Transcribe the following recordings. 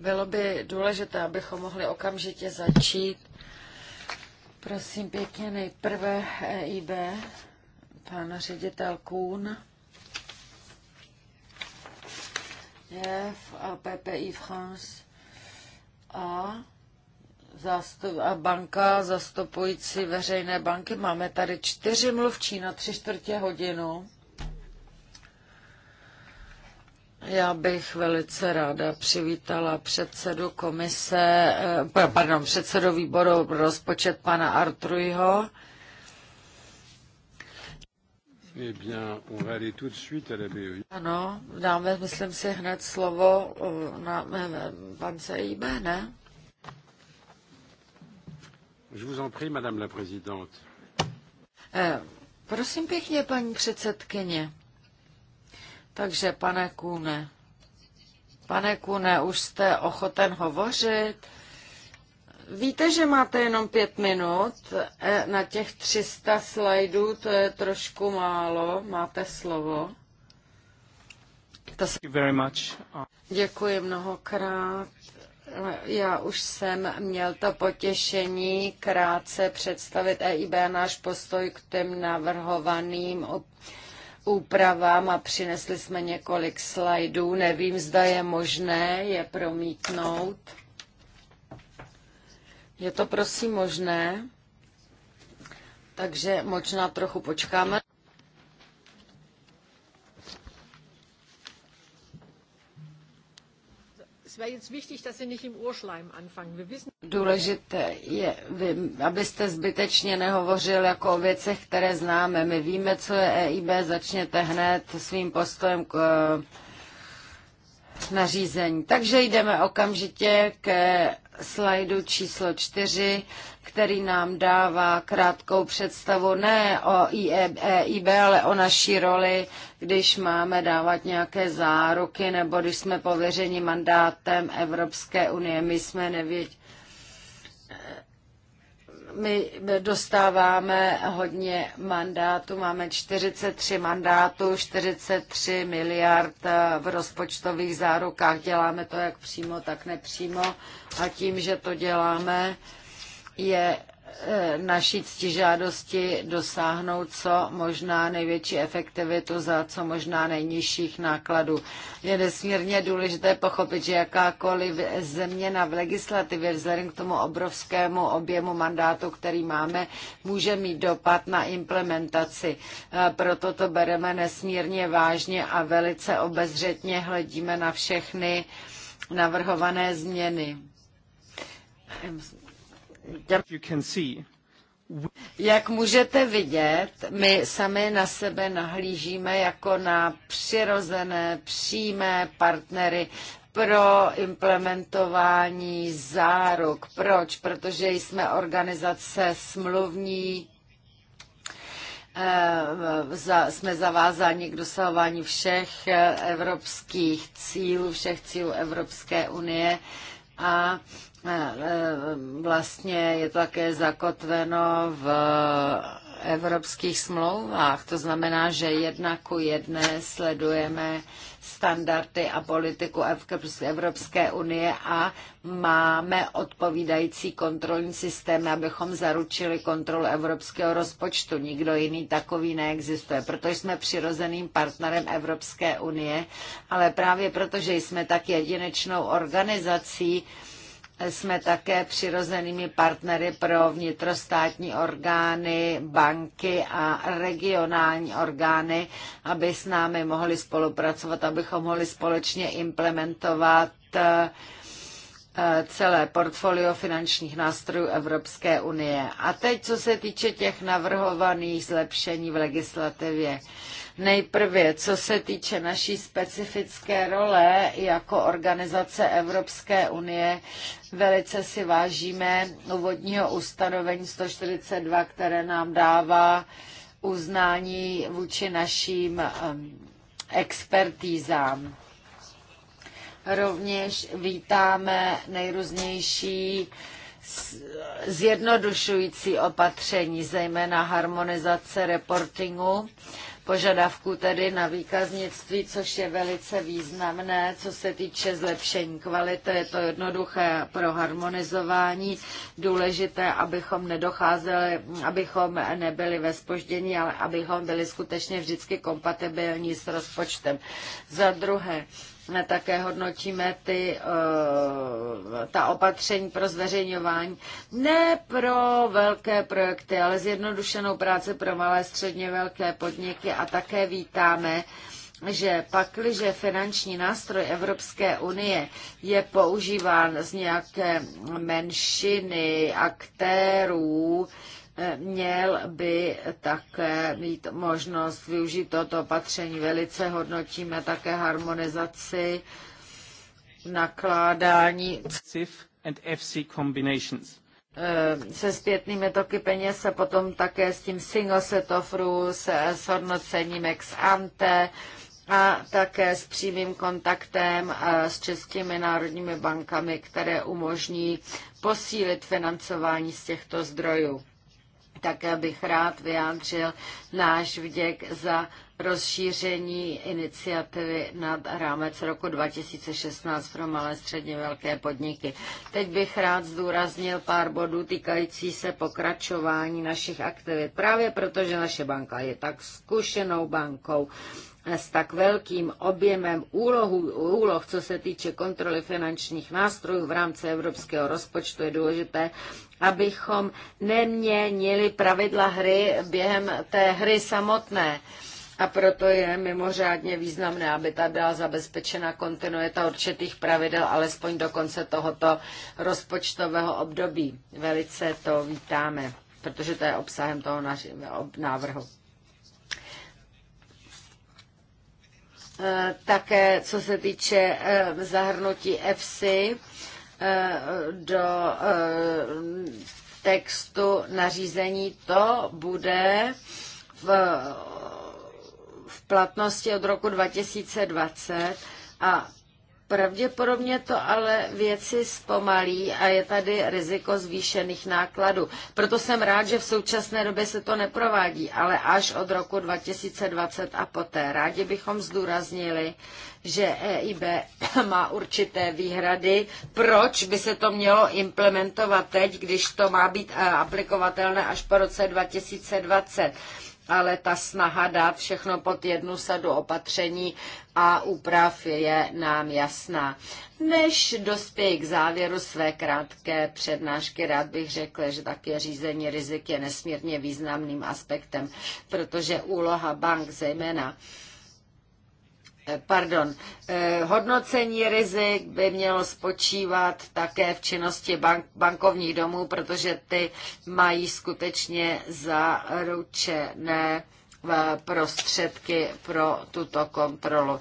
Bylo by důležité, abychom mohli okamžitě začít. Prosím pěkně, nejprve EIB, eh, pan ředitel Kuhn je v eh, PPI France a, zastup, a banka zastupující veřejné banky. Máme tady čtyři mluvčí na tři čtvrtě hodinu. Já bych velice ráda přivítala předsedu komise, eh, pardon, předsedu výboru pro rozpočet pana Artrujho. Eh e ano, dáme, myslím si, hned slovo eh, na bance IB, ne? Je vous en prie, madame la présidente. Prosím pěkně, paní předsedkyně. Takže, pane Kůne, pane Kůne, už jste ochoten hovořit? Víte, že máte jenom pět minut e, na těch 300 slajdů, to je trošku málo, máte slovo. To se... Děkuji mnohokrát. Já už jsem měl to potěšení krátce představit EIB náš postoj k těm navrhovaným úpravám a přinesli jsme několik slajdů. Nevím, zda je možné je promítnout. Je to prosím možné, takže možná trochu počkáme. Důležité je, abyste zbytečně nehovořil jako o věcech, které známe. My víme, co je EIB, začněte hned svým postojem k eh, nařízení. Takže jdeme okamžitě ke slajdu číslo čtyři, který nám dává krátkou představu ne o EIB, ale o naší roli, když máme dávat nějaké záruky nebo když jsme pověřeni mandátem Evropské unie. My jsme nevěděli, my dostáváme hodně mandátů, máme 43 mandátů, 43 miliard eh, v rozpočtových zárukách. Děláme to jak přímo, tak nepřímo a tím, že to děláme, je Eh, naší ctižádosti dosáhnout co možná největší efektivitu za co možná nejnižších nákladů. Je nesmírně důležité pochopit, že jakákoliv změna v legislativě vzhledem k tomu obrovskému objemu mandátu, který máme, může mít dopad na implementaci. Eh, proto to bereme nesmírně vážně a velice obezřetně hledíme na všechny navrhované změny. Jak můžete vidět, my sami na sebe nahlížíme jako na přirozené, přímé partnery pro implementování záruk. Proč? Protože jsme organizace smluvní, eh, jsme zavázáni k dosahování všech evropských cílů, všech cílů Evropské unie a E, vlastně je to také zakotveno v evropských smlouvách. To znamená, že jedna ku jedné sledujeme standardy a politiku prostě Evropské unie a máme odpovídající kontrolní systém, abychom zaručili kontrolu evropského rozpočtu. Nikdo jiný takový neexistuje, protože jsme přirozeným partnerem Evropské unie, ale právě protože jsme tak jedinečnou organizací, jsme také přirozenými partnery pro vnitrostátní orgány, banky a regionální orgány, aby s námi mohli spolupracovat, abychom mohli společně implementovat eh, celé portfolio finančních nástrojů Evropské unie. A teď, co se týče těch navrhovaných zlepšení v legislativě. Nejprve, co se týče naší specifické role jako organizace Evropské unie, velice si vážíme úvodního ustanovení 142, které nám dává uznání vůči našim um, expertízám. Rovněž vítáme nejrůznější uh, zjednodušující opatření, zejména harmonizace reportingu, požadavků tedy na výkaznictví, což je velice významné, co se týče zlepšení kvality. Je to jednoduché pro harmonizování. Důležité, abychom nedocházeli, abychom nebyli ve spoždění, ale abychom byli skutečně vždycky kompatibilní s rozpočtem. Za druhé, také hodnotíme ty, eh, ta opatření pro zveřejňování. Ne pro velké projekty, ale zjednodušenou práci pro malé, středně velké podniky a také vítáme, že pakliže finanční nástroj Evropské unie je používán z nějaké menšiny aktérů, Měl by také mít možnost využít toto opatření. Velice hodnotíme také harmonizaci nakládání CIF and FC combinations eh, se zpětnými toky peněz a potom také s tím single set of rules, eh, s hodnocením ex ante a také s přímým kontaktem eh, s českými národními bankami, které umožní posílit financování z těchto zdrojů. Také bych rád vyjádřil náš vděk za rozšíření iniciativy nad rámec roku 2016 pro malé středně velké podniky. Teď bych rád zdůraznil pár bodů týkající se pokračování našich aktivit. Právě protože naše banka je tak zkušenou bankou, s tak velkým objemem úlohu, úloh, co se týče kontroly finančních nástrojů v rámci evropského rozpočtu, je důležité, abychom neměnili pravidla hry během té hry samotné. A proto je mimořádně významné, aby ta byla zabezpečena kontinuita určitých pravidel, alespoň do konce tohoto rozpočtového období. Velice to vítáme, protože to je obsahem toho návrhu. Eh, také co se týče eh, zahrnutí EFSI eh, do textu nařízení, to bude v, v platnosti od roku 2020 a Pravděpodobně to ale věci zpomalí a je tady riziko zvýšených nákladů. Proto jsem rád, že v současné době se to neprovádí, ale až od roku 2020 a poté. Rádi bychom zdůraznili, že EIB má určité výhrady, proč by se to mělo implementovat teď, když to má být eh, aplikovatelné až po roce 2020 ale ta snaha dát všechno pod jednu sadu opatření a úprav je nám jasná. Než dospěji k závěru své krátké přednášky, rád bych řekl, že také řízení rizik je nesmírně významným aspektem, protože úloha bank zejména Eh, pardon, eh, hodnocení rizik by mělo spočívat také v činnosti bank, bankovních domů, protože ty mají skutečně zaručené eh, prostředky pro tuto kontrolu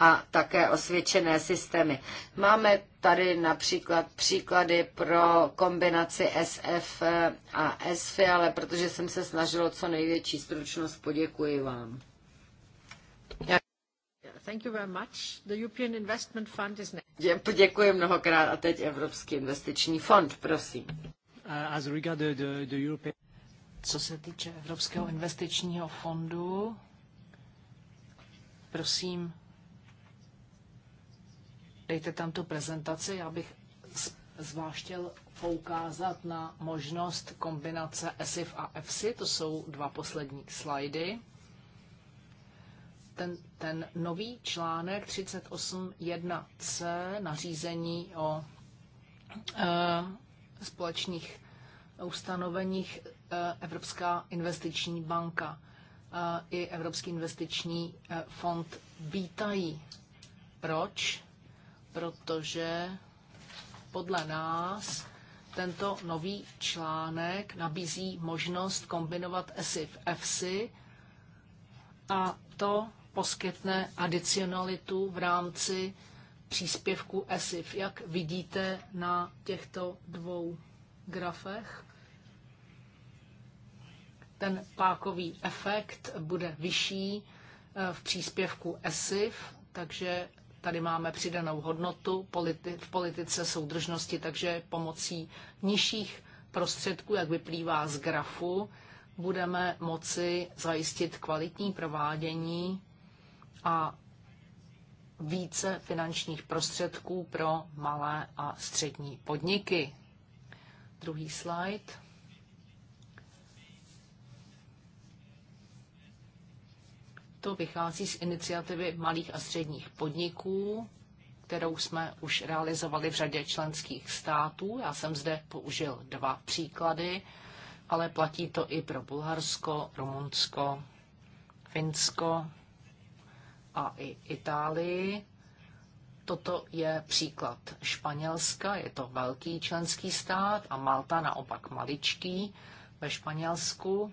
a také osvědčené systémy. Máme tady například příklady pro kombinaci SF a SFI, ale protože jsem se snažil co největší stručnost, poděkuji vám. Thank you very much. The European Investment Fund is next. Děkuji mnohokrát a teď Evropský investiční fond, prosím. Uh, as the, European... Co se týče Evropského investičního fondu, prosím, dejte tam tu prezentaci, já bych zvlášť poukázat na možnost kombinace ESIF a EFSI, to jsou dva poslední slajdy ten, ten nový článek 38.1c nařízení o e, společných ustanoveních e, Evropská investiční banka e, i Evropský investiční e, fond vítají. Proč? Protože podle nás tento nový článek nabízí možnost kombinovat ESIF EFSI a to poskytne adicionalitu v rámci příspěvku ESIF. Jak vidíte na těchto dvou grafech? Ten pákový efekt bude vyšší eh, v příspěvku ESIF, takže tady máme přidanou hodnotu v politice soudržnosti, takže pomocí nižších prostředků, jak vyplývá z grafu, budeme moci zajistit kvalitní provádění a více finančních prostředků pro malé a střední podniky. Druhý slide. To vychází z iniciativy malých a středních podniků, kterou jsme už realizovali v řadě členských států. Já jsem zde použil dva příklady, ale platí to i pro Bulharsko, Rumunsko, Finsko a i Itálii. Toto je příklad Španělska, je to velký členský stát a Malta naopak maličký ve Španělsku.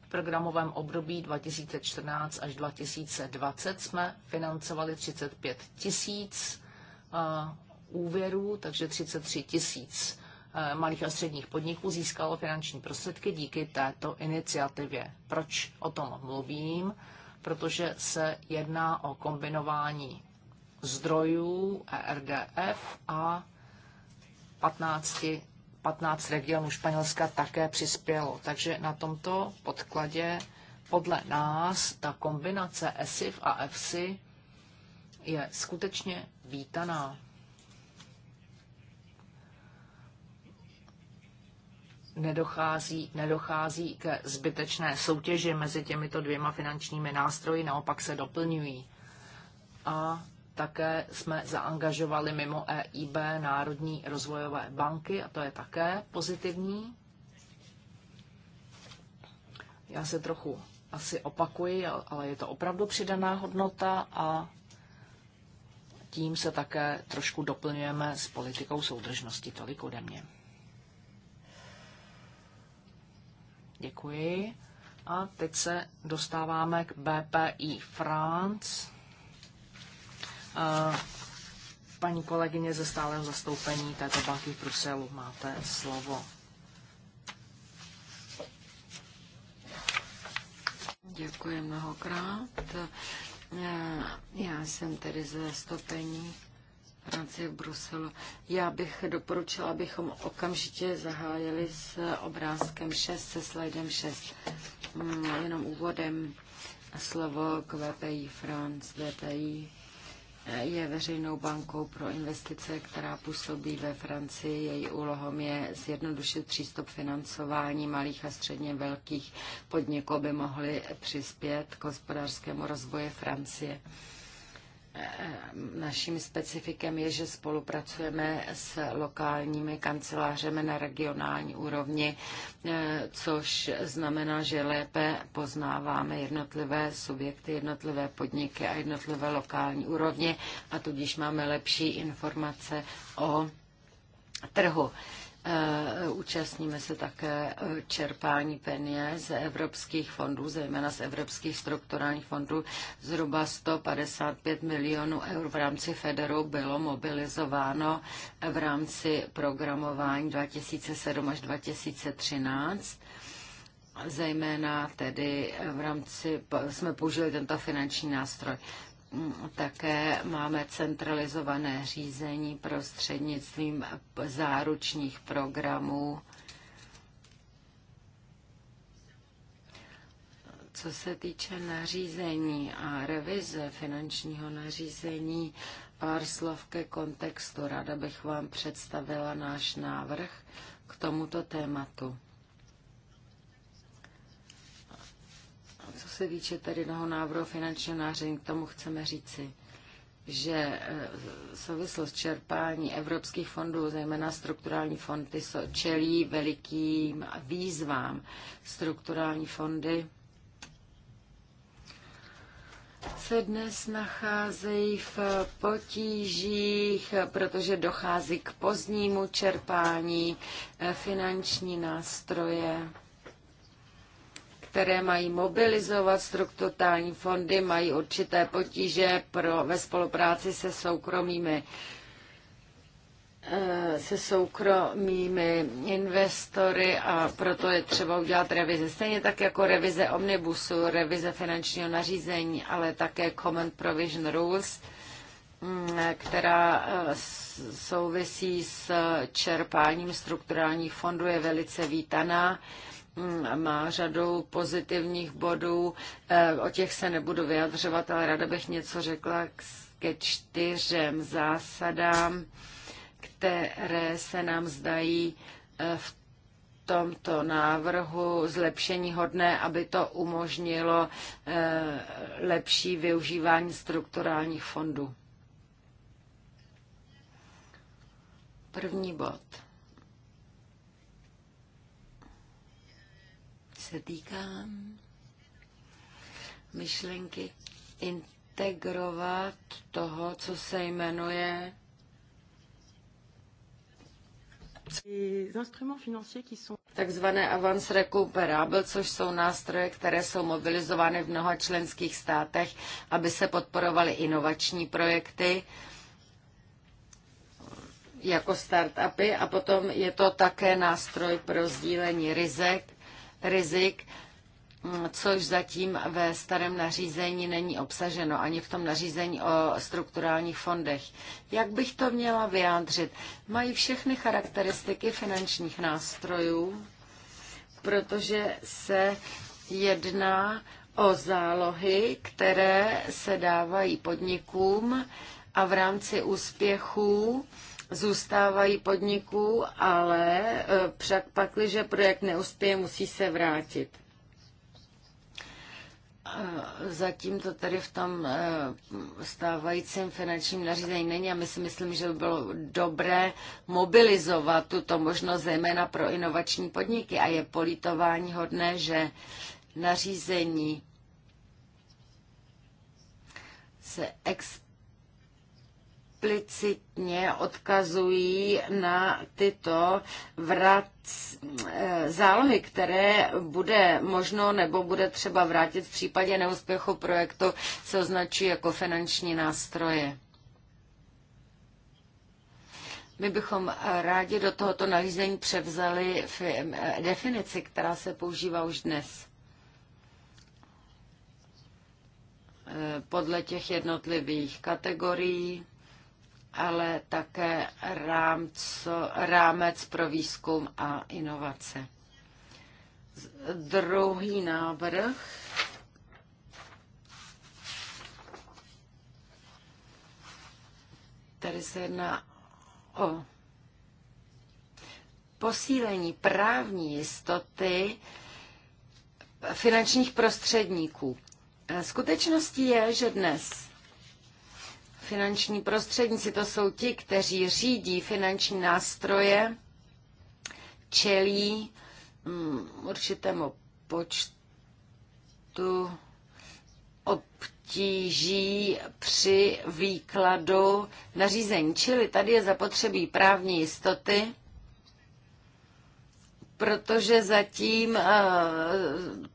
V programovém období 2014 až 2020 jsme financovali 35 tisíc eh, úvěrů, takže 33 tisíc eh, malých a středních podniků získalo finanční prostředky díky této iniciativě. Proč o tom mluvím? protože se jedná o kombinování zdrojů ERDF a 15, 15 regionů Španělska také přispělo. Takže na tomto podkladě podle nás ta kombinace ESIF a EFSI je skutečně vítaná. nedochází, nedochází k zbytečné soutěži mezi těmito dvěma finančními nástroji, naopak se doplňují. A také jsme zaangažovali mimo EIB Národní rozvojové banky a to je také pozitivní. Já se trochu asi opakuji, ale je to opravdu přidaná hodnota a tím se také trošku doplňujeme s politikou soudržnosti. Tolik ode mě. Děkuji. A teď se dostáváme k BPI France. Eh, paní kolegyně ze stáleho zastoupení této banky v Bruselu, máte slovo. Děkuji mnohokrát. Eh, já jsem tedy ze zastoupení Francie v Bruselu. Já bych doporučila, abychom okamžitě zahájili s obrázkem 6, se slajdem 6. Mm, jenom úvodem slovo k VPI France. VPI eh, je veřejnou bankou pro investice, která působí ve Francii. Její úlohou je zjednodušit přístup financování malých a středně velkých podniků, aby mohly přispět k hospodářskému rozvoji Francie. Naším specifikem je, že spolupracujeme s lokálními kancelářemi na regionální úrovni, eh, což znamená, že lépe poznáváme jednotlivé subjekty, jednotlivé podniky a jednotlivé lokální úrovně a tudíž máme lepší informace o trhu. Eh, účastníme se také eh, čerpání peněz z evropských fondů, zejména z evropských strukturálních fondů. Zhruba 155 milionů eur v rámci Federu bylo mobilizováno v rámci programování 2007 až 2013 zejména tedy v rámci, jsme použili tento finanční nástroj také máme centralizované řízení prostřednictvím záručních programů. Co se týče nařízení a revize finančního nařízení, pár slov ke kontextu. Ráda bych vám představila náš návrh k tomuto tématu. se týče tady toho návrhu finančního náření, k tomu chceme říci, že e, souvislost čerpání evropských fondů, zejména strukturální fondy, čelí velikým výzvám. Strukturální fondy se dnes nacházejí v potížích, protože dochází k pozdnímu čerpání e, finanční nástroje které mají mobilizovat strukturální fondy, mají určité potíže pro, ve spolupráci se soukromými eh, se soukromými investory a proto je třeba udělat revize. Stejně tak jako revize omnibusu, revize finančního nařízení, ale také Common Provision Rules, mm, která eh, souvisí s čerpáním strukturálních fondů, je velice vítaná Mm, má řadu pozitivních bodů, eh, o těch se nebudu vyjadřovat, ale ráda bych něco řekla ke čtyřem zásadám, které se nám zdají eh, v tomto návrhu zlepšení hodné, aby to umožnilo eh, lepší využívání strukturálních fondů. První bod se týká myšlenky integrovat toho, co se jmenuje Takzvané avance recuperable, což jsou nástroje, které jsou mobilizovány v mnoha členských státech, aby se podporovaly inovační projekty jako startupy a potom je to také nástroj pro sdílení rizik rizik, což zatím ve starém nařízení není obsaženo, ani v tom nařízení o strukturálních fondech. Jak bych to měla vyjádřit? Mají všechny charakteristiky finančních nástrojů, protože se jedná o zálohy, které se dávají podnikům a v rámci úspěchů zůstávají podniků, ale eh, však že projekt neuspěje, musí se vrátit. Zatím to tady v tom eh, stávajícím finančním nařízení není a my si myslím, že by bylo dobré mobilizovat tuto možnost zejména pro inovační podniky a je politování hodné, že nařízení se ex explicitně odkazují na tyto vrat, eh, zálohy, které bude možno nebo bude třeba vrátit v případě neúspěchu projektu, se označí jako finanční nástroje. My bychom rádi do tohoto nalízení převzali definici, která se používá už dnes. Eh, podle těch jednotlivých kategorií ale také rámco, rámec pro výzkum a inovace. Druhý návrh Tady se jedná o posílení právní jistoty finančních prostředníků. Skutečností je, že dnes Finanční prostředníci to jsou ti, kteří řídí finanční nástroje, čelí um, určitému počtu obtíží při výkladu nařízení. Čili tady je zapotřebí právní jistoty, protože zatím eh,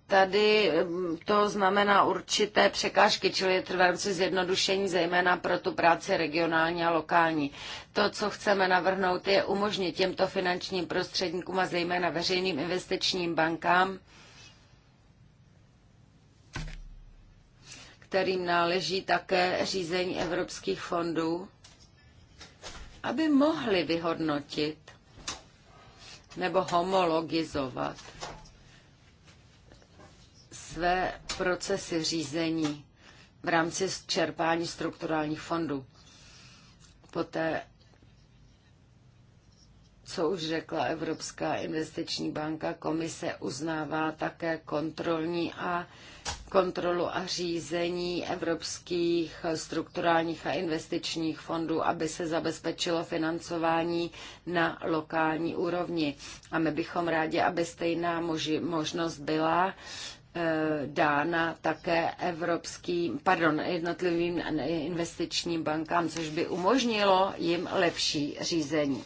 tady mm, to znamená určité překážky, čili je si zjednodušení zejména pro tu práci regionální a lokální. To, co chceme navrhnout, je umožnit těmto finančním prostředníkům a zejména veřejným investičním bankám, kterým náleží také řízení evropských fondů, aby mohli vyhodnotit nebo homologizovat své procesy řízení v rámci čerpání strukturálních fondů. Poté, co už řekla Evropská investiční banka, komise uznává také kontrolní a kontrolu a řízení evropských strukturálních a investičních fondů, aby se zabezpečilo financování na lokální úrovni. A my bychom rádi, aby stejná moži, možnost byla eh, dána také evropským, pardon, jednotlivým investičním bankám, což by umožnilo jim lepší řízení.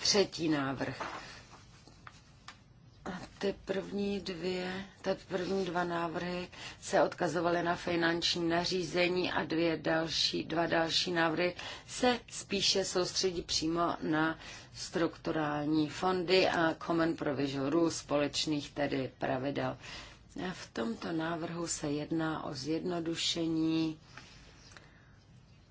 Třetí návrh ty první dvě, ty první dva návrhy se odkazovaly na finanční nařízení a dvě další, dva další návrhy se spíše soustředí přímo na strukturální fondy a Common Provision Rule společných tedy pravidel. V tomto návrhu se jedná o zjednodušení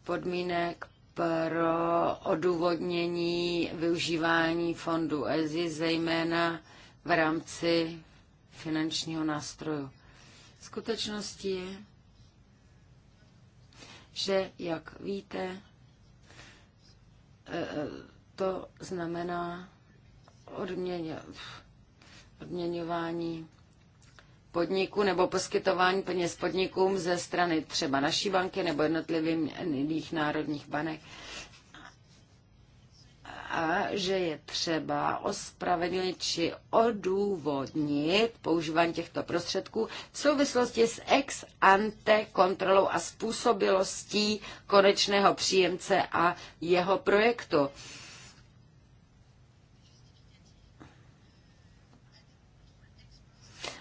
podmínek pro odůvodnění využívání fondu EZI, zejména v rámci finančního nástroju. Skutečností je, že, jak víte, e, e, to znamená odměňování podniku nebo poskytování peněz podnikům ze strany třeba naší banky nebo jednotlivých národních banek a že je třeba ospravedlnit či odůvodnit používání těchto prostředků v souvislosti s ex ante kontrolou a způsobilostí konečného příjemce a jeho projektu.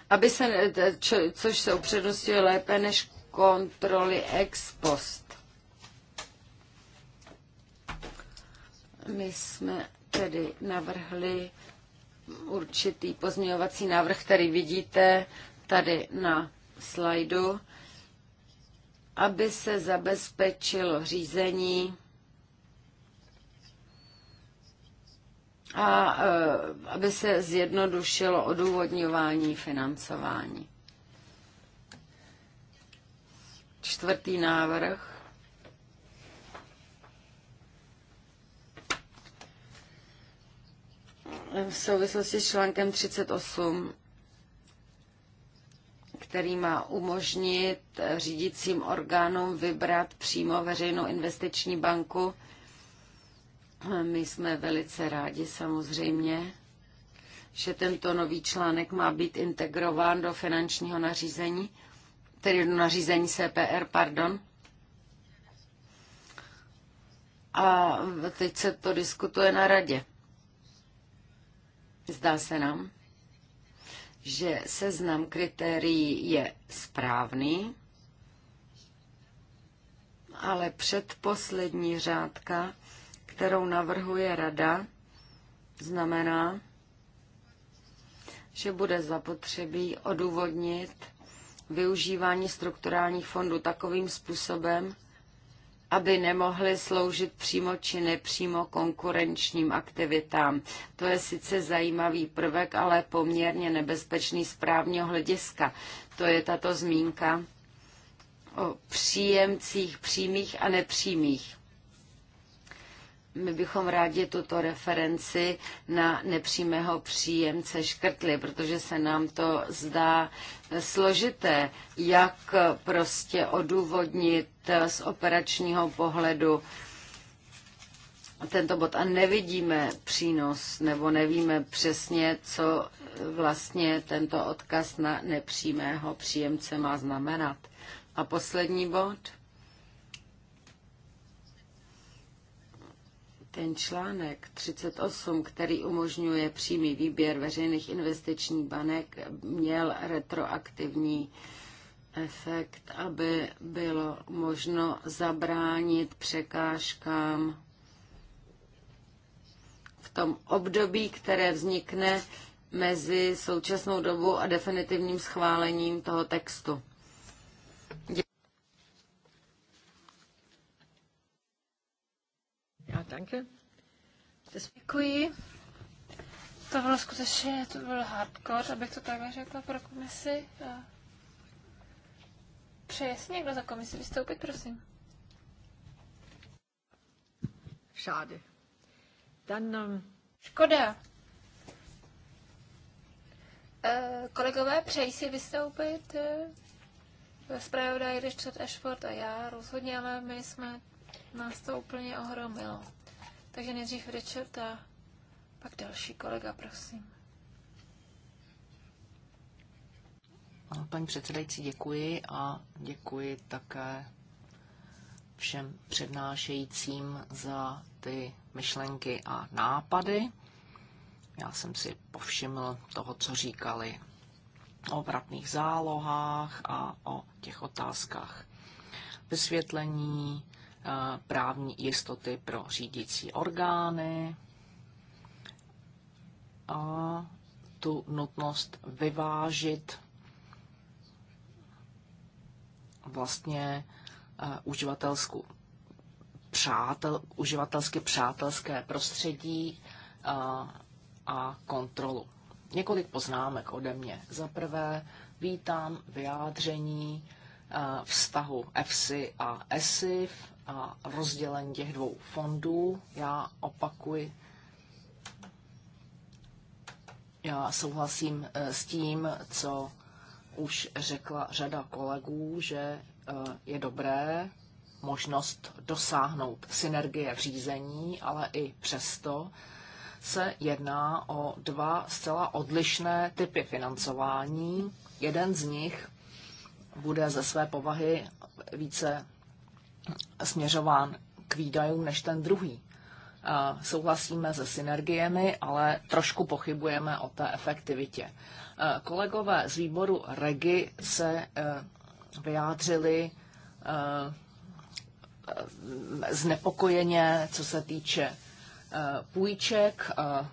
Aby se, což se upřednostňuje lépe než kontroly ex post. My jsme tedy navrhli určitý pozměňovací návrh, který vidíte tady na slajdu, aby se zabezpečilo řízení a e, aby se zjednodušilo odůvodňování financování. Čtvrtý návrh v souvislosti s článkem 38, který má umožnit řídícím orgánům vybrat přímo veřejnou investiční banku. My jsme velice rádi samozřejmě, že tento nový článek má být integrován do finančního nařízení, tedy do nařízení CPR, pardon. A teď se to diskutuje na radě. Zdá se nám, že seznam kritérií je správný, ale předposlední řádka, kterou navrhuje rada, znamená, že bude zapotřebí odůvodnit využívání strukturálních fondů takovým způsobem, aby nemohly sloužit přímo či nepřímo konkurenčním aktivitám. To je sice zajímavý prvek, ale poměrně nebezpečný z právního hlediska. To je tato zmínka o příjemcích přímých a nepřímých my bychom rádi tuto referenci na nepřímého příjemce škrtli, protože se nám to zdá složité, jak prostě odůvodnit z operačního pohledu tento bod a nevidíme přínos nebo nevíme přesně, co vlastně tento odkaz na nepřímého příjemce má znamenat. A poslední bod – Ten článek 38, který umožňuje přímý výběr veřejných investičních banek, měl retroaktivní efekt, aby bylo možno zabránit překážkám v tom období, které vznikne mezi současnou dobu a definitivním schválením toho textu. Danke. Děkuji. To bylo skutečně, to byl hardcore, abych to takhle řekla pro komisi. A... Přeje si někdo za komisi vystoupit, prosím? Šáde. Dan, um... Ähm, Škoda. E, kolegové, přeji si vystoupit. E, Zpravodaj Richard Ashford a já rozhodně, ale my jsme, nás to úplně ohromilo. Takže nejdřív Richard a pak další kolega, prosím. paní předsedající, děkuji a děkuji také všem přednášejícím za ty myšlenky a nápady. Já jsem si povšiml toho, co říkali o vratných zálohách a o těch otázkách vysvětlení, právní jistoty pro řídící orgány a tu nutnost vyvážit vlastně eh, uživatelskou přátel, uživatelsky přátelské prostředí a, eh, a kontrolu. Několik poznámek ode mě. Za prvé vítám vyjádření eh, vztahu EFSI a ESIF a rozdělení těch dvou fondů. Já opakuji, já souhlasím eh, s tím, co už řekla řada kolegů, že eh, je dobré možnost dosáhnout synergie v řízení, ale i přesto se jedná o dva zcela odlišné typy financování. Jeden z nich bude ze své povahy více směřován k výdajům než ten druhý. Eh, souhlasíme se synergiemi, ale trošku pochybujeme o té efektivitě. Eh, kolegové z výboru REGI se eh, vyjádřili znepokojeně, co se týče půjček,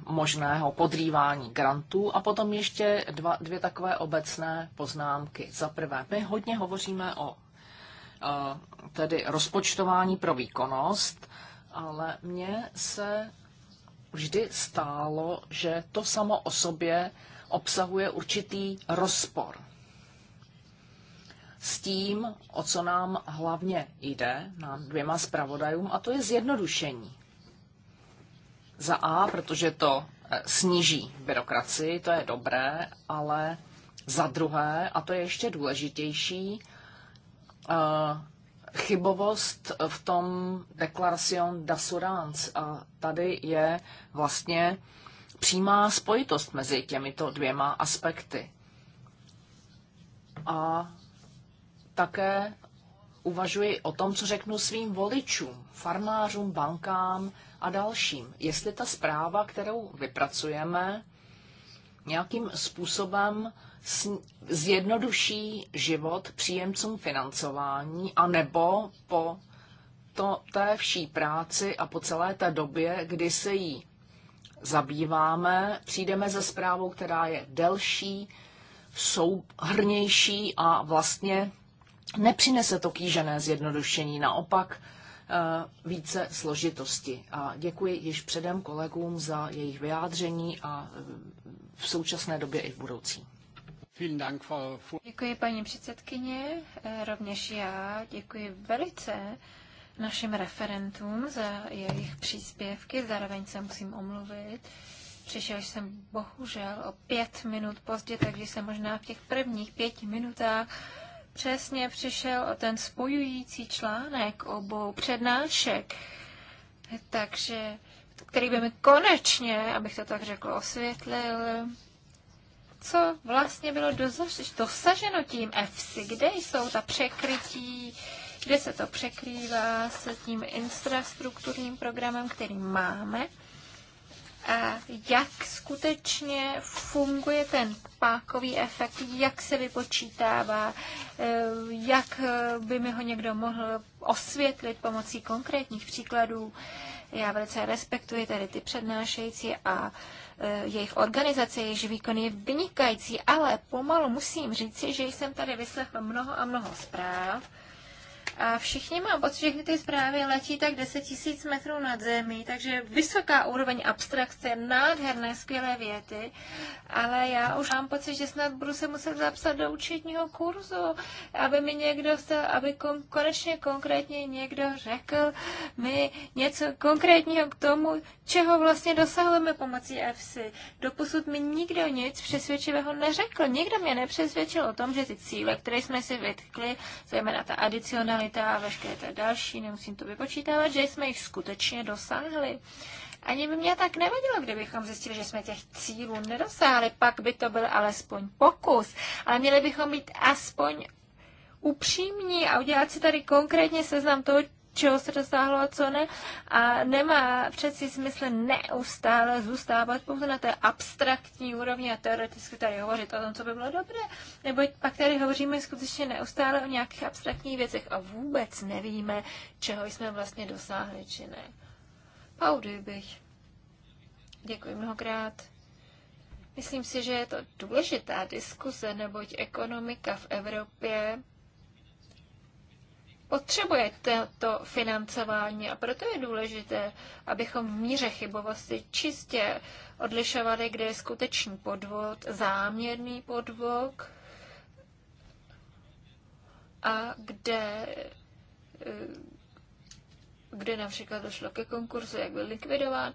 možného podrývání grantů a potom ještě dva, dvě takové obecné poznámky. Za prvé, my hodně hovoříme o Eh, tedy rozpočtování pro výkonnost, ale mně se vždy stálo, že to samo o sobě obsahuje určitý rozpor s tím, o co nám hlavně jde, nám dvěma zpravodajům, a to je zjednodušení. Za A, protože to eh, sníží byrokracii, to je dobré, ale za druhé, a to je ještě důležitější, Eh, chybovost v tom Declaration d'assurance a tady je vlastně přímá spojitost mezi těmito dvěma aspekty. A také uvažuji o tom, co řeknu svým voličům, farmářům, bankám a dalším. Jestli ta zpráva, kterou vypracujeme, nějakým způsobem zjednoduší život příjemcům financování, a nebo po to, té vší práci a po celé té době, kdy se jí zabýváme, přijdeme ze zprávou, která je delší, souhrnější a vlastně nepřinese to kýžené zjednodušení. Naopak Eh, více složitosti. A děkuji již předem kolegům za jejich vyjádření a eh, v současné době i v budoucí. Děkuji paní předsedkyně, eh, rovněž já děkuji velice našim referentům za jejich příspěvky, zároveň se musím omluvit. Přišel jsem bohužel o pět minut pozdě, takže jsem možná v těch prvních pěti minutách přesně přišel o ten spojující článek obou přednášek, takže, který by mi konečně, abych to tak řekl, osvětlil, co vlastně bylo dosaženo tím FC, kde jsou ta překrytí, kde se to překrývá s tím infrastrukturním programem, který máme a jak skutečně funguje ten pákový efekt, jak se vypočítává, e, jak by mi ho někdo mohl osvětlit pomocí konkrétních příkladů. Já velice respektuji tady ty přednášející a e, jejich organizace, jejich výkon je vynikající, ale pomalu musím říci, že jsem tady vyslechla mnoho a mnoho zpráv, a všichni mám pocit, že všechny ty zprávy letí tak 10 000 metrů nad zemí, takže vysoká úroveň abstrakce, nádherné, skvělé věty, ale já už mám pocit, že snad budu se muset zapsat do účetního kurzu, aby mi někdo, se, aby kon, konečně konkrétně někdo řekl mi něco konkrétního k tomu, čeho vlastně dosahujeme pomocí EFSI. Doposud mi nikdo nic přesvědčivého neřekl. Nikdo mě nepřesvědčil o tom, že ty cíle, které jsme si vytkli, zejména ta adicionální kriminalita a veškeré ty další, nemusím to vypočítávat, že jsme jich skutečně dosáhli. Ani by mě tak nevadilo, kdybychom zjistili, že jsme těch cílů nedosáhli, pak by to byl alespoň pokus, ale měli bychom být aspoň upřímní a udělat si tady konkrétně seznam toho, čeho se dosáhlo a co ne. A nemá přeci smysl neustále zůstávat pouze na té abstraktní úrovni a teoreticky tady hovořit o tom, co by bylo dobré. Nebo pak tady hovoříme skutečně neustále o nějakých abstraktních věcech a vůbec nevíme, čeho jsme vlastně dosáhli či ne. Paudy bych. Děkuji mnohokrát. Myslím si, že je to důležitá diskuze, neboť ekonomika v Evropě potřebuje to financování a proto je důležité, abychom v míře chybovosti čistě odlišovali, kde je skutečný podvod, záměrný podvod a kde eh, kde například došlo ke konkurzu, jak byl likvidován,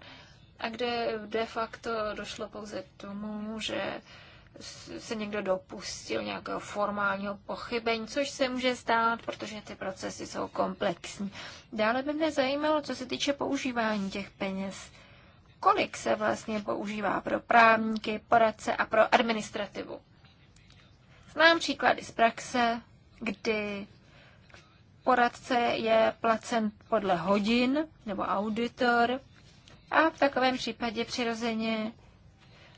a kde de facto došlo pouze k tomu, že se někdo dopustil nějakého formálního pochybení, což se může stát, protože ty procesy jsou komplexní. Dále by mě zajímalo, co se týče používání těch peněz. Kolik se vlastně používá pro právníky, poradce a pro administrativu? Znám příklady z praxe, kdy poradce je placen podle hodin nebo auditor a v takovém případě přirozeně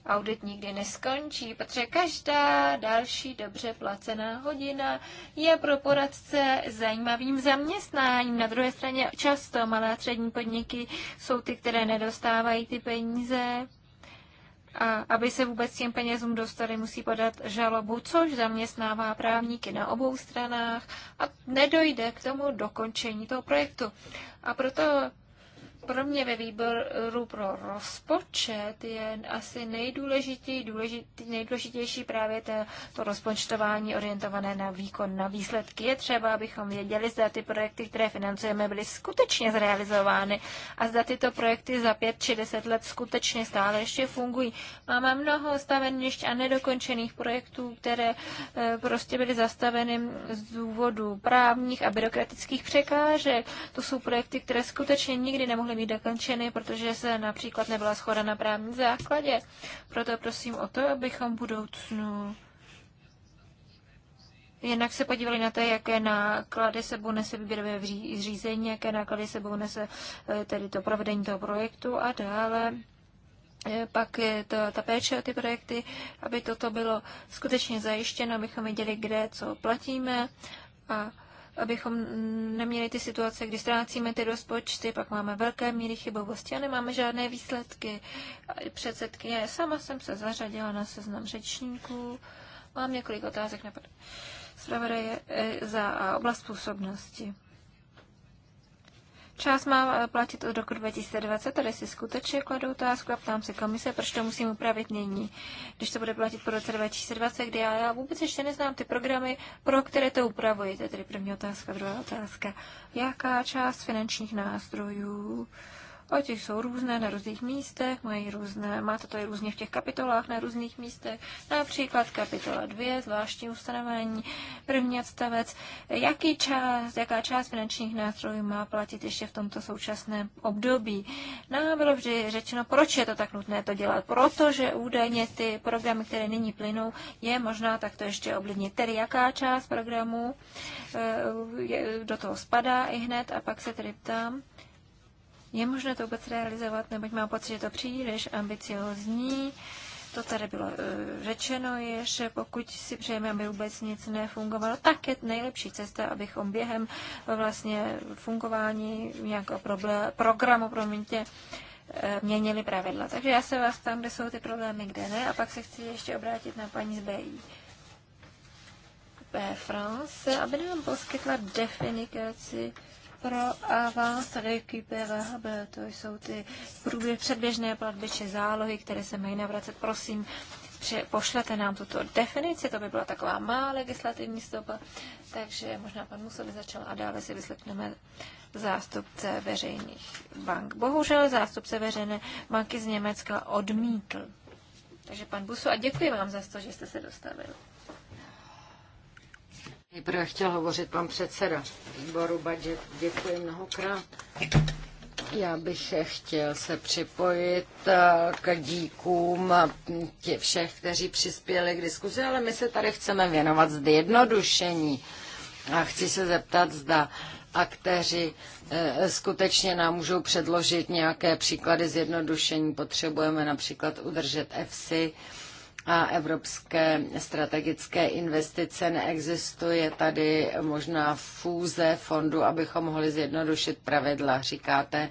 audit nikdy neskončí, protože každá další dobře placená hodina je pro poradce zajímavým zaměstnáním. Na druhé straně často malé a střední podniky jsou ty, které nedostávají ty peníze. A aby se vůbec těm penězům dostali, musí podat žalobu, což zaměstnává právníky na obou stranách a nedojde k tomu dokončení toho projektu. A proto pro mě ve výboru pro rozpočet je asi nejdůležitější, důležitý, nejdůležitější právě to, to rozpočtování orientované na výkon, na výsledky. Je třeba, abychom věděli, zda ty projekty, které financujeme, byly skutečně zrealizovány a zda tyto projekty za pět či deset let skutečně stále ještě fungují. Máme mnoho stavenišť a nedokončených projektů, které eh, prostě byly zastaveny z důvodu právních a byrokratických překážek. To jsou projekty, které skutečně nikdy nemohly být dokončeny, protože se například nebyla schoda na právním základě. Proto prosím o to, abychom budoucnu Jinak se podívali na to, jaké náklady sebou nese výběrové řízení, jaké náklady sebou nese eh, tedy to provedení toho projektu a dále eh, pak to, ta péče o ty projekty, aby toto bylo skutečně zajištěno, abychom věděli, kde co platíme a abychom neměli ty situace, kdy ztrácíme ty rozpočty, pak máme velké míry chybovosti a nemáme žádné výsledky. Předsedkyně, sama jsem se zařadila na seznam řečníků. Mám několik otázek na zpravodaje eh, za oblast působnosti čas má eh, platit od roku 2020, tady si skutečně kladu otázku a ptám se komise, proč to musím upravit nyní, když to bude platit po roce 2020, kdy já, já vůbec ještě neznám ty programy, pro které to upravujete. Tedy první otázka, druhá otázka. Jaká část finančních nástrojů uh, O těch jsou různé na různých místech, mají různé, máte to i různě v těch kapitolách na různých místech, například kapitola 2, zvláštní ustanovení, první odstavec, jaký část, jaká část finančních nástrojů má platit ještě v tomto současném období. Nám no, bylo vždy řečeno, proč je to tak nutné to dělat, protože údajně ty programy, které nyní plynou, je možná takto ještě ovlivnit. Tedy jaká část programů eh, do toho spadá i hned a pak se tedy ptám, je možné to vůbec realizovat, neboť mám pocit, že to příliš ambiciozní. To tady bylo uh, řečeno je, že pokud si přejeme, aby vůbec nic nefungovalo, tak je nejlepší cesta, abychom během vlastně fungování nějakého problém, programu, promiňte, e, měnili pravidla. Takže já se vás tam, kde jsou ty problémy, kde ne, a pak se chci ještě obrátit na paní z BI. B. France, aby nám poskytla definici pro Avance Recuperable, to jsou ty průběh, předběžné platby či zálohy, které se mají navracet. Prosím, že pošlete nám tuto definici, to by byla taková má legislativní stopa, takže možná pan Muso by začal a dále si vyslechneme zástupce veřejných bank. Bohužel zástupce veřejné banky z Německa odmítl. Takže pan Busu, a děkuji vám za to, že jste se dostavil. Nejprve chtěl hovořit pan předseda výboru budget. Děkuji mnohokrát. Já bych chtěl se připojit eh, k díkům tě všech, kteří přispěli k diskuzi, ale my se tady chceme věnovat zjednodušení. A chci se zeptat, zda aktéři eh, skutečně nám můžou předložit nějaké příklady zjednodušení. Potřebujeme například udržet EFSI, a evropské strategické investice neexistuje tady možná fůze fondu, abychom mohli zjednodušit pravidla. Říkáte,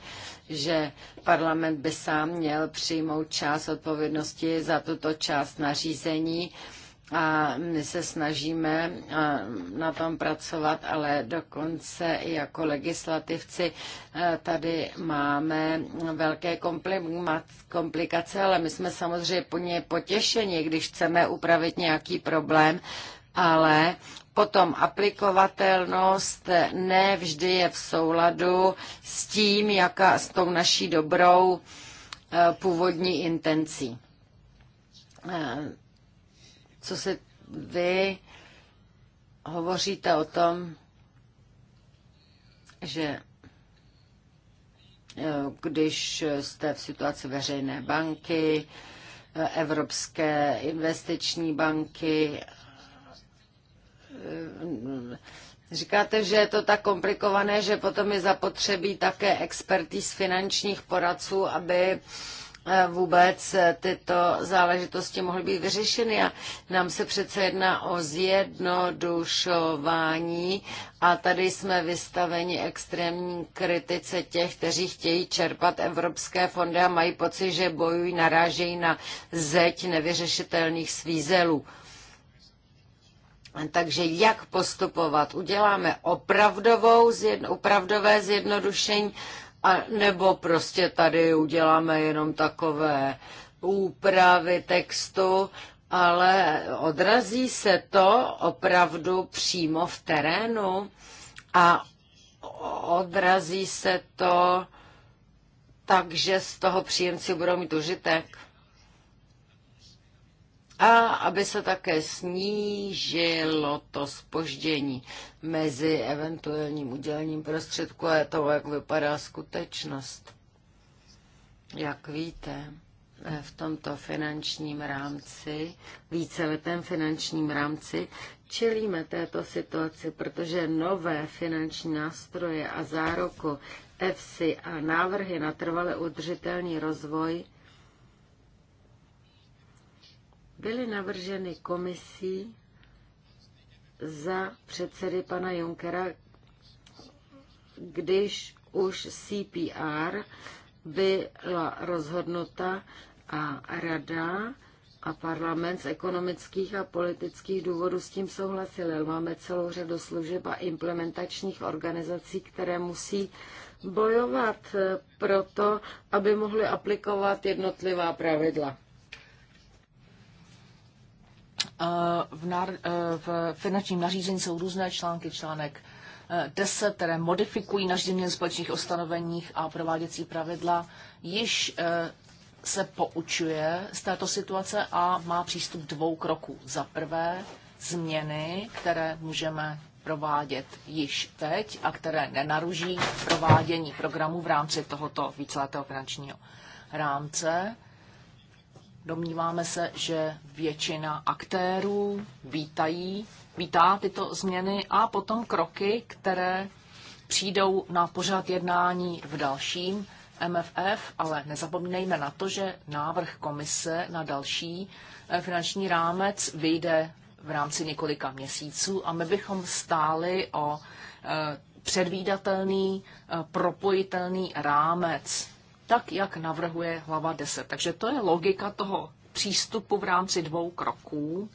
že parlament by sám měl přijmout část odpovědnosti za tuto část nařízení a my se snažíme na tom pracovat, ale dokonce jako legislativci tady máme velké komplikace, ale my jsme samozřejmě po ně potěšeni, když chceme upravit nějaký problém, ale potom aplikovatelnost ne vždy je v souladu s tím, jaká s tou naší dobrou původní intencí co se vy hovoříte o tom, že eh, když jste v situaci veřejné banky, eh, Evropské investiční banky. Eh, říkáte, že je to tak komplikované, že potom je zapotřebí také expertí z finančních poradců, aby Eh, vůbec eh, tyto záležitosti mohly být vyřešeny a nám se přece jedná o zjednodušování a tady jsme vystaveni extrémní kritice těch, kteří chtějí čerpat evropské fondy a mají pocit, že bojují, narážejí na zeď nevyřešitelných svízelů. Takže jak postupovat? Uděláme opravdovou, opravdové zjednodušení a nebo prostě tady uděláme jenom takové úpravy textu, ale odrazí se to opravdu přímo v terénu a odrazí se to tak, že z toho příjemci budou mít užitek a aby se také snížilo to spoždění mezi eventuálním udělením prostředku a toho, jak vypadá skutečnost. Jak víte, v tomto finančním rámci, víceletém finančním rámci, čelíme této situaci, protože nové finanční nástroje a zároku EFSI a návrhy na trvale udržitelný rozvoj byly navrženy komisí za předsedy pana Junkera, když už CPR byla rozhodnuta a rada a parlament z ekonomických a politických důvodů s tím souhlasili. Máme celou řadu služeb a implementačních organizací, které musí bojovat proto, aby mohly aplikovat jednotlivá pravidla. Eh, v, nar, eh, v finančním nařízení jsou různé články, článek 10, eh, které modifikují nařízení společných ostanoveních a prováděcí pravidla, již se poučuje z této situace a má přístup dvou kroků. Za prvé změny, které můžeme provádět již teď a které nenaruží provádění programu v rámci tohoto víceletého finančního rámce. Domníváme se, že většina aktérů vítají, vítá tyto změny a potom kroky, které přijdou na pořad jednání v dalším MFF, ale nezapomínejme na to, že návrh komise na další eh, finanční rámec vyjde v rámci několika měsíců a my bychom stáli o eh, předvídatelný, eh, propojitelný rámec tak, jak navrhuje hlava 10. Takže to je logika toho přístupu v rámci dvou kroků.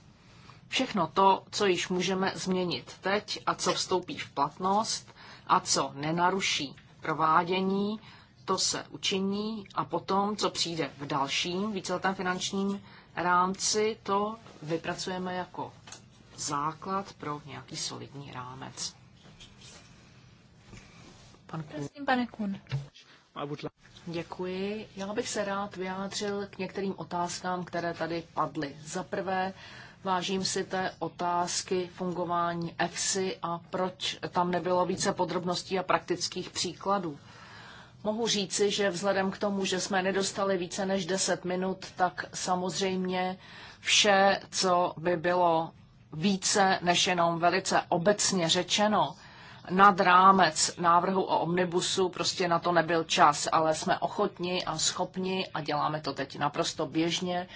Všechno to, co již můžeme změnit teď a co vstoupí v platnost a co nenaruší provádění, to se učiní a potom, co přijde v dalším víceletém finančním rámci, to vypracujeme jako základ pro nějaký solidní rámec. Pan Kuhn. Prosím, pane Kun. Děkuji. Já bych se rád vyjádřil k některým otázkám, které tady padly. Za prvé, vážím si té otázky fungování EFSI a proč tam nebylo více podrobností a praktických příkladů. Mohu říci, že vzhledem k tomu, že jsme nedostali více než 10 minut, tak samozřejmě vše, co by bylo více než jenom velice obecně řečeno, nad rámec návrhu o omnibusu, prostě na to nebyl čas, ale jsme ochotni a schopni, a děláme to teď naprosto běžně,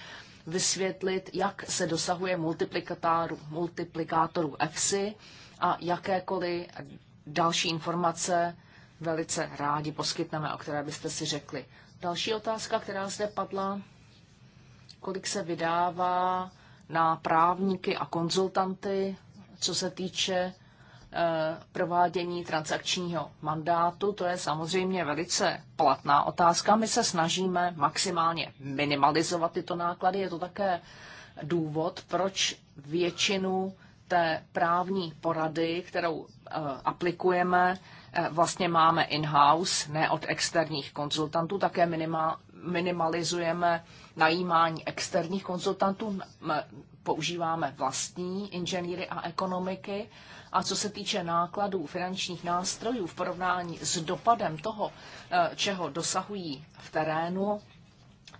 vysvětlit, jak se dosahuje multiplikátorů, multiplikátorů EFSI a jakékoliv další informace velice rádi poskytneme, o které byste si řekli. Další otázka, která zde padla, kolik se vydává na právníky a konzultanty, co se týče Eh, provádění transakčního mandátu. To je samozřejmě velice platná otázka. My se snažíme maximálně minimalizovat tyto náklady. Je to také důvod, proč většinu té právní porady, kterou eh, aplikujeme, eh, vlastně máme in-house, ne od externích konzultantů, také minimál, minimalizujeme najímání externích konzultantů, používáme vlastní inženýry a ekonomiky. A co se týče nákladů finančních nástrojů v porovnání s dopadem toho, e, čeho dosahují v terénu,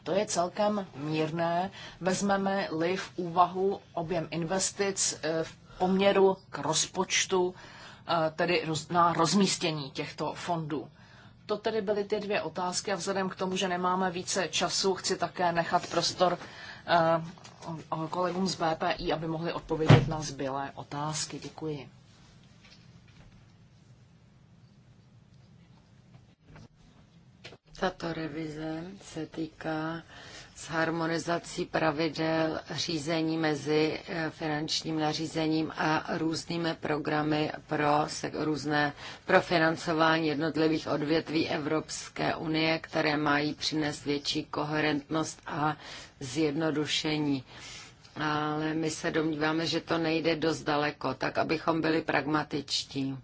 to je celkem mírné. Vezmeme-li v úvahu objem investic e, v poměru k rozpočtu, e, tedy na rozmístění těchto fondů. To tedy byly ty dvě otázky a vzhledem k tomu, že nemáme více času, chci také nechat prostor eh, kolegům z BPI, aby mohli odpovědět na zbylé otázky. Děkuji. Tato revize se týká s harmonizací pravidel řízení mezi eh, finančním nařízením a různými programy pro se, různé pro financování jednotlivých odvětví Evropské unie, které mají přinést větší koherentnost a zjednodušení. Ale my se domníváme, že to nejde dost daleko, tak abychom byli pragmatičtí.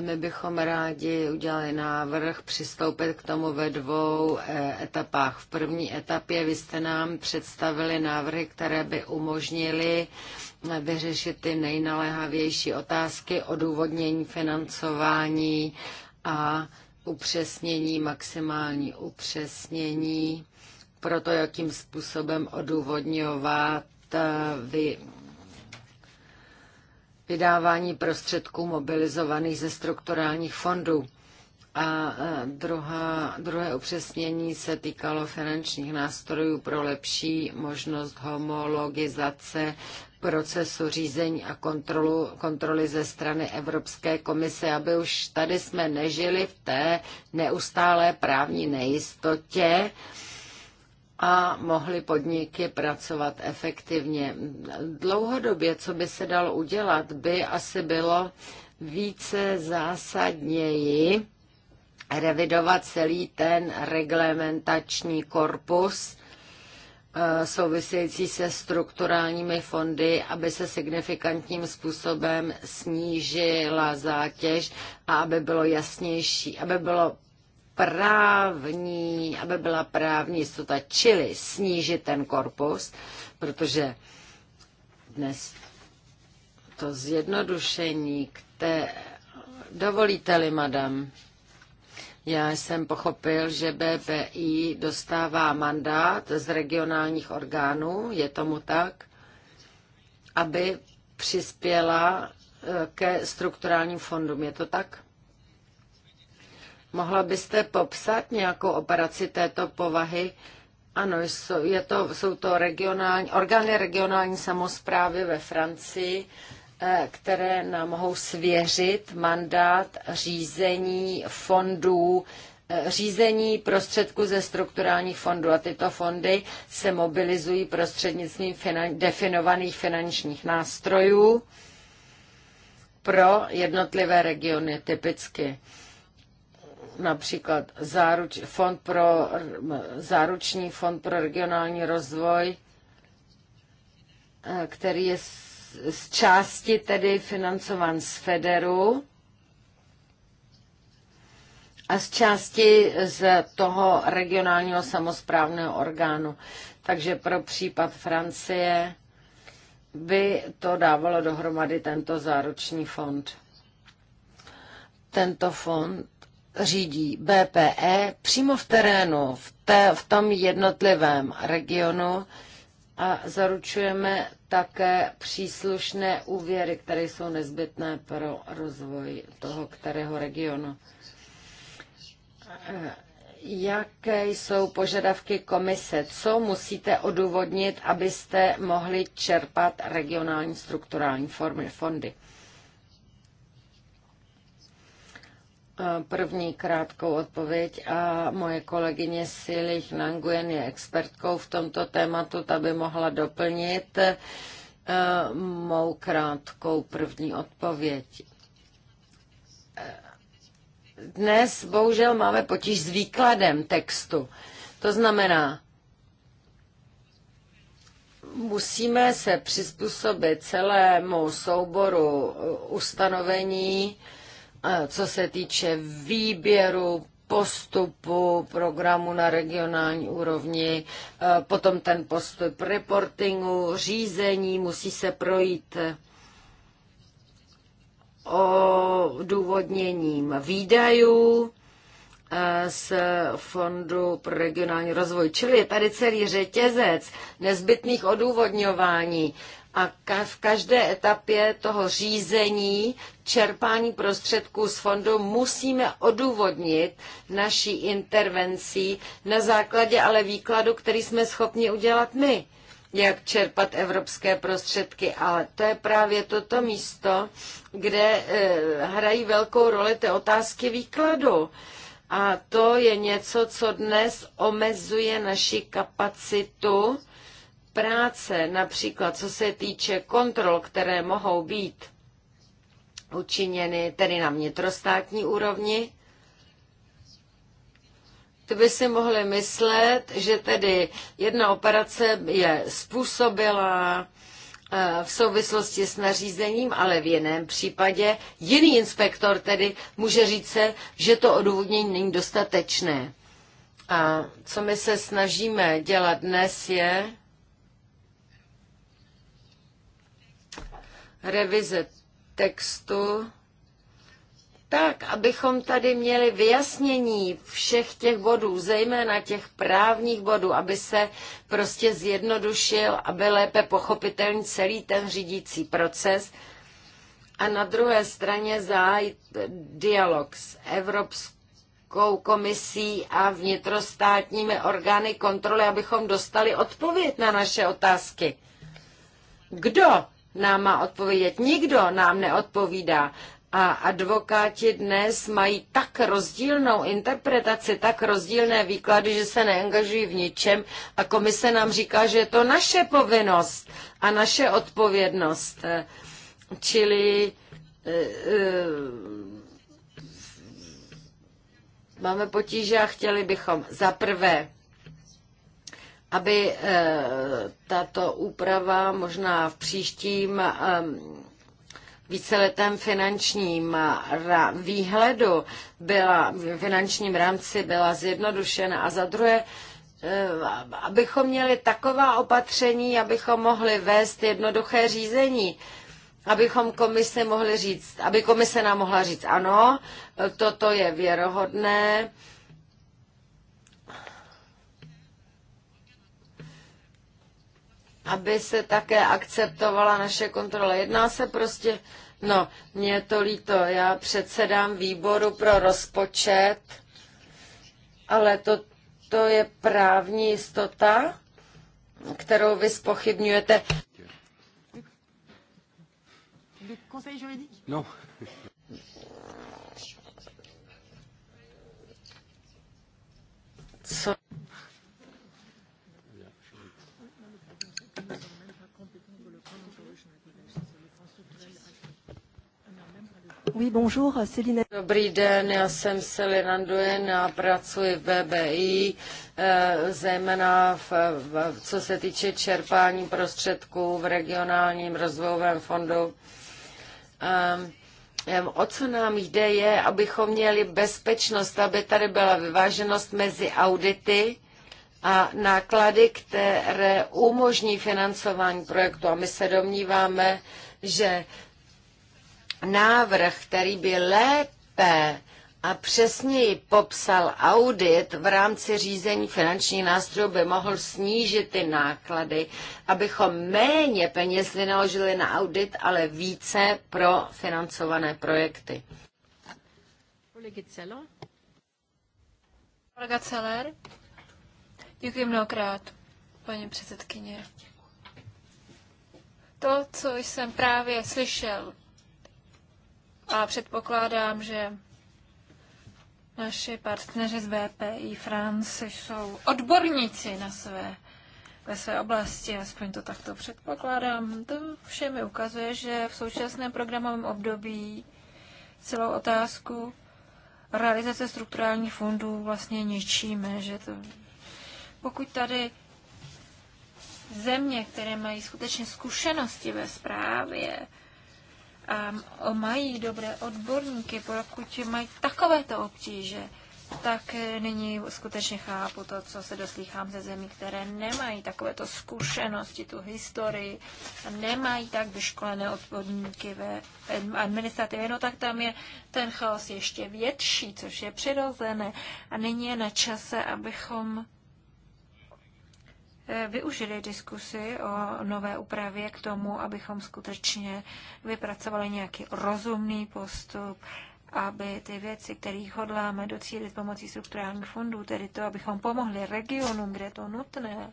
My bychom rádi udělali návrh přistoupit k tomu ve dvou eh, etapách. V první etapě vy jste nám představili návrhy, které by umožnily eh, vyřešit ty nejnaléhavější otázky odůvodnění financování a upřesnění, maximální upřesnění pro to, jakým způsobem odůvodňovat eh, vy, vydávání prostředků mobilizovaných ze strukturálních fondů. A druhá, druhé upřesnění se týkalo finančních nástrojů pro lepší možnost homologizace procesu řízení a kontrolu, kontroly ze strany Evropské komise, aby už tady jsme nežili v té neustálé právní nejistotě, a mohly podniky pracovat efektivně. Dlouhodobě, co by se dalo udělat, by asi bylo více zásadněji revidovat celý ten reglementační korpus eh, související se strukturálními fondy, aby se signifikantním způsobem snížila zátěž a aby bylo jasnější, aby bylo právní, aby byla právní jistota, čili snížit ten korpus, protože dnes to zjednodušení, které dovolíte-li, madam, já jsem pochopil, že BPI dostává mandát z regionálních orgánů, je tomu tak, aby přispěla eh, ke strukturálním fondům. Je to tak? Mohla byste popsat nějakou operaci této povahy? Ano, jsou, je to, jsou to regionální, orgány regionální samozprávy ve Francii, eh, které nám mohou svěřit mandát řízení fondů, eh, řízení prostředků ze strukturálních fondů a tyto fondy se mobilizují prostřednictvím finan, definovaných finančních nástrojů pro jednotlivé regiony typicky například záruč, fond pro, záruční fond pro regionální rozvoj, eh, který je z, z části tedy financován z Federu a z části z toho regionálního samozprávného orgánu. Takže pro případ Francie by to dávalo dohromady tento záruční fond. Tento fond řídí BPE přímo v terénu, v, té, v tom jednotlivém regionu a zaručujeme také příslušné úvěry, které jsou nezbytné pro rozvoj toho kterého regionu. Jaké jsou požadavky komise? Co musíte odůvodnit, abyste mohli čerpat regionální strukturální fondy? Eh, první krátkou odpověď a moje kolegyně Silich Nanguyen je expertkou v tomto tématu, ta by mohla doplnit eh, mou krátkou první odpověď. Eh, dnes bohužel máme potíž s výkladem textu. To znamená, musíme se přizpůsobit celému souboru ustanovení, co se týče výběru postupu programu na regionální úrovni, e, potom ten postup reportingu, řízení musí se projít o důvodněním výdajů e, z Fondu pro regionální rozvoj. Čili je tady celý řetězec nezbytných odůvodňování a v každé etapě toho řízení čerpání prostředků z fondu musíme odůvodnit naší intervencí na základě ale výkladu, který jsme schopni udělat my, jak čerpat evropské prostředky. Ale to je právě toto místo, kde eh, hrají velkou roli ty otázky výkladu. A to je něco, co dnes omezuje naši kapacitu práce, například co se týče kontrol, které mohou být učiněny tedy na vnitrostátní úrovni, ty by si mohli myslet, že tedy jedna operace je způsobila eh, v souvislosti s nařízením, ale v jiném případě jiný inspektor tedy může říct se, že to odůvodnění není dostatečné. A co my se snažíme dělat dnes je, revize textu tak, abychom tady měli vyjasnění všech těch bodů, zejména těch právních bodů, aby se prostě zjednodušil, aby lépe pochopitelný celý ten řídící proces. A na druhé straně zahájit dialog s Evropskou komisí a vnitrostátními orgány kontroly, abychom dostali odpověď na naše otázky. Kdo nám má odpovědět. Nikdo nám neodpovídá. A advokáti dnes mají tak rozdílnou interpretaci, tak rozdílné výklady, že se neangažují v ničem a komise nám říká, že je to naše povinnost a naše odpovědnost. Čili eh, eh, máme potíže a chtěli bychom za prvé aby eh, tato úprava možná v příštím eh, víceletém finančním výhledu byla, v finančním rámci byla zjednodušena a za druhé, eh, abychom měli taková opatření, abychom mohli vést jednoduché řízení, abychom komise mohli říct, aby komise nám mohla říct ano, toto je věrohodné, aby se také akceptovala naše kontrola. Jedná se prostě, no, mě je to líto, já předsedám výboru pro rozpočet, ale to, to je právní jistota, kterou vy spochybňujete. No. Co? Dobrý den, já jsem Selina Anduen, a pracuji v BBI, eh, zejména v, v, co se týče čerpání prostředků v regionálním rozvojovém fondu. Ehm, o co nám jde, je, abychom měli bezpečnost, aby tady byla vyváženost mezi audity a náklady, které umožní financování projektu. A my se domníváme, že návrh, který by lépe a přesněji popsal audit v rámci řízení finančních nástrojů, by mohl snížit ty náklady, abychom méně peněz vynaložili na audit, ale více pro financované projekty. Kolega Celer, děkuji mnohokrát, paní předsedkyně. To, co jsem právě slyšel a předpokládám, že naši partneři z VPI France jsou odborníci na své, ve své oblasti, aspoň to takto předpokládám. To vše mi ukazuje, že v současném programovém období celou otázku realizace strukturálních fondů vlastně ničíme, že to, pokud tady země, které mají skutečně zkušenosti ve správě, a mají dobré odborníky, pokud mají takovéto obtíže, tak eh, nyní skutečně chápu to, co se doslýchám ze zemí, které nemají takovéto zkušenosti, tu historii, nemají tak vyškolené odborníky ve administrativě, no tak tam je ten chaos ještě větší, což je přirozené. A nyní je na čase, abychom využili diskusy o nové úpravě k tomu, abychom skutečně vypracovali nějaký rozumný postup, aby ty věci, kterých hodláme docílit pomocí strukturálních fondů, tedy to, abychom pomohli regionům, kde je to nutné,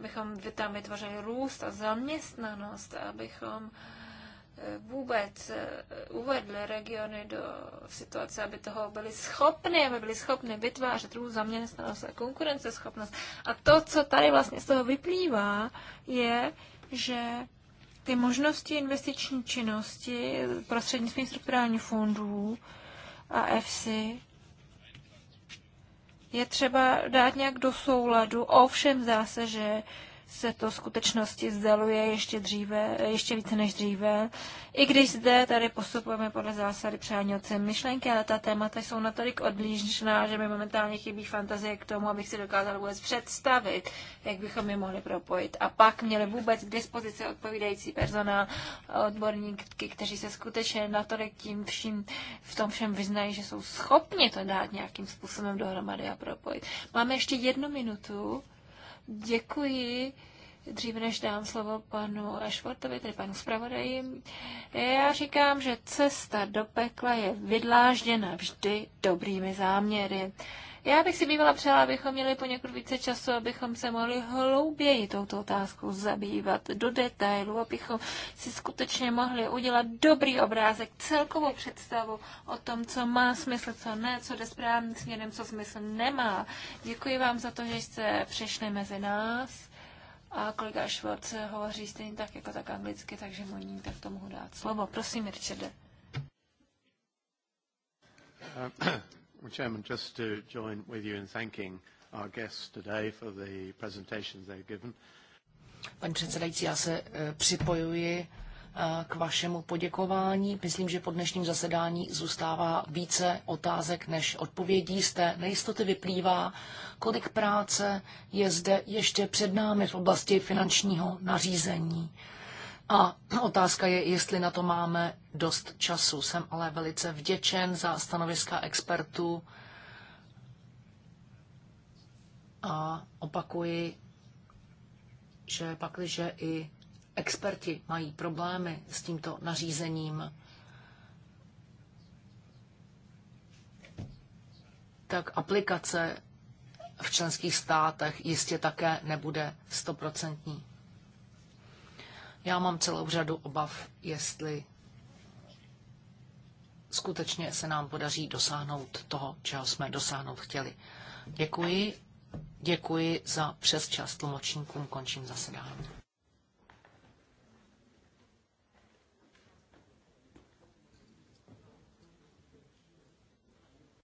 abychom tam vytvořili růst a zaměstnanost, abychom vůbec eh, uvedl regiony do situace, aby toho byli schopni, aby byli schopni vytvářet růst zaměstnanost a konkurenceschopnost. A to, co tady vlastně z toho vyplývá, je, že ty možnosti investiční činnosti prostřednictvím strukturálních fondů a EFSI je třeba dát nějak do souladu. Ovšem zase, se, že se to skutečnosti vzdaluje ještě dříve, ještě více než dříve. I když zde tady postupujeme podle zásady přání otce myšlenky, ale ta témata jsou natolik odlížná, že mi momentálně chybí fantazie k tomu, abych si dokázal vůbec představit, jak bychom je mohli propojit. A pak měli vůbec k dispozici odpovídající personál, odborníky, kteří se skutečně natolik tím vším, v tom všem vyznají, že jsou schopni to dát nějakým způsobem dohromady a propojit. Máme ještě jednu minutu. Děkuji. Dříve než dám slovo panu Ashfordovi, tedy panu zpravodaji, já říkám, že cesta do pekla je vydlážděna vždy dobrými záměry. Já bych si bývala přála, abychom měli poněkud více času, abychom se mohli hlouběji touto otázkou zabývat do detailu, abychom si skutečně mohli udělat dobrý obrázek, celkovou představu o tom, co má smysl, co ne, co jde správným směrem, co smysl nemá. Děkuji vám za to, že jste přišli mezi nás. A kolega Schwartz hovoří stejně tak jako tak anglicky, takže mu ní tak to mohu dát slovo. Prosím, Richarde. Well, Chairman, just to join with you in thanking our guests today for the presentations they've given. Paní předsedající, já se eh, připojuji eh, k vašemu poděkování. Myslím, že po dnešním zasedání zůstává více otázek než odpovědí. Z té nejistoty vyplývá, kolik práce je zde ještě před námi v oblasti finančního nařízení. A otázka je, jestli na to máme dost času. Jsem ale velice vděčen za stanoviska expertů a opakuji, že pakliže i experti mají problémy s tímto nařízením, tak aplikace v členských státech jistě také nebude stoprocentní. Já mám celou řadu obav, jestli skutečně se nám podaří dosáhnout toho, čeho jsme dosáhnout chtěli. Děkuji. Děkuji za přesčas tlumočníkům. Končím zasedání.